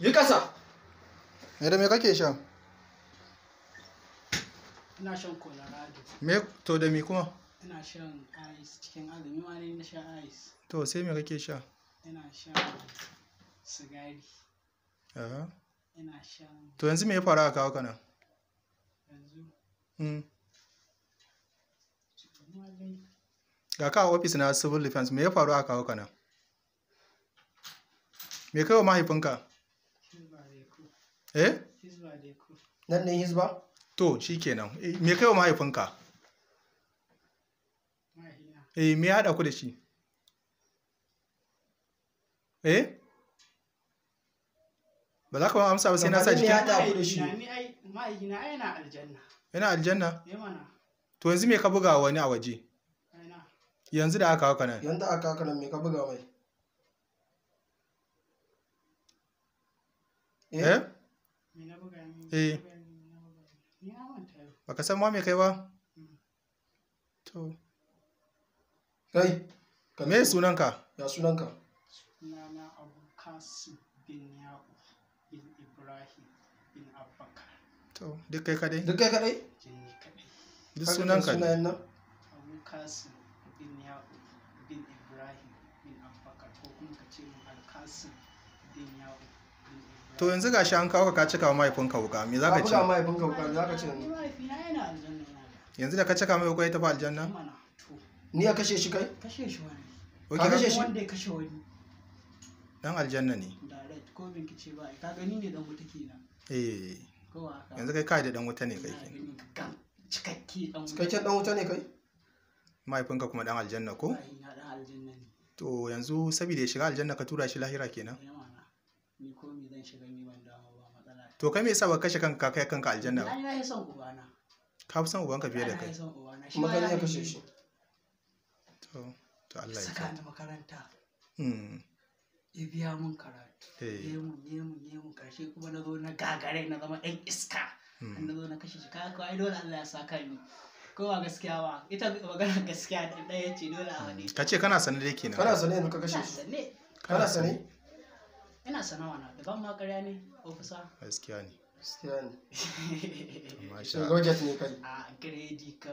yi ƙasa me da me kake sha ina shan colorado me to da me kuma ina shan ice cikin azumi ma ne na shan ice to sai me kake sha ina shan sigari ina shan to yanzu me ya faru a kawo kana yanzu hmm. ga ka ofis na civil defense me ya faru a kawo kana me kai wa mahaifinka eh nan ne hizba to shi kenan eh, me kai wa mahaifinka eh me ya haɗa ku da shi eh ba za ka ba amsa ba sai na sa jikin haɗa ku da shi ma'aikina na aljanna yana aljanna eh, to yanzu me ka buga wani a waje yanzu da aka haka nan yanzu aka haka nan me ka buga mai eh, eh? eh baka san ma me kai ba to kai ka me sunanka ya sunanka sunana abu kasim bin ya'u bin ibrahim bin abbakar to duk kai kadai duk kai kadai duk sunan ne abu kasim bin ya'u bin ibrahim bin abbakar ko kuma ka ce mu al alkasim bin ya'u to yanzu gashi an kawo ka cika mahaifinka wuka me zaka ce mahaifinka wuka me zaka ci yanzu da ka cika mai wuka ya tafi aljanna ni a kashe shi kai kashe shi wani ka kashe shi wanda ya kashe wani dan aljanna ne direct ko binkice ba ka gani ne dan wuta kenan eh yanzu kai kai da dan wuta ne kai cikakke dan cikakke dan wuta ne kai mahaifinka kuma dan aljanna ko to yanzu saboda ya shiga aljanna ka tura shi lahira kenan ko zan shiga ni ban damu ba matsala to kai me yasa ba kashe kanka kai kanka aljanna ba na yi son ubana ka fi son ubanka fiye da kai kuma kai ya kashe shi to to Allah ya saka ni makaranta mm ya biya mun karatu eh. ya mun ya mun ya mun karshe kuma na zo na gagare na zama ɗan iska hmm. na zo na kashe shi ka ko dole Allah ya saka ni kowa gaskiya ba ita magana gaskiya ɗaya ce dole a wani ka ce kana sane dai kenan kana sane ka kashe shi kana sane ina sanawa na da ban ma ƙarya ne ofisa gaskiya ne gaskiya ne amma sha ne kai a ah, gredi ka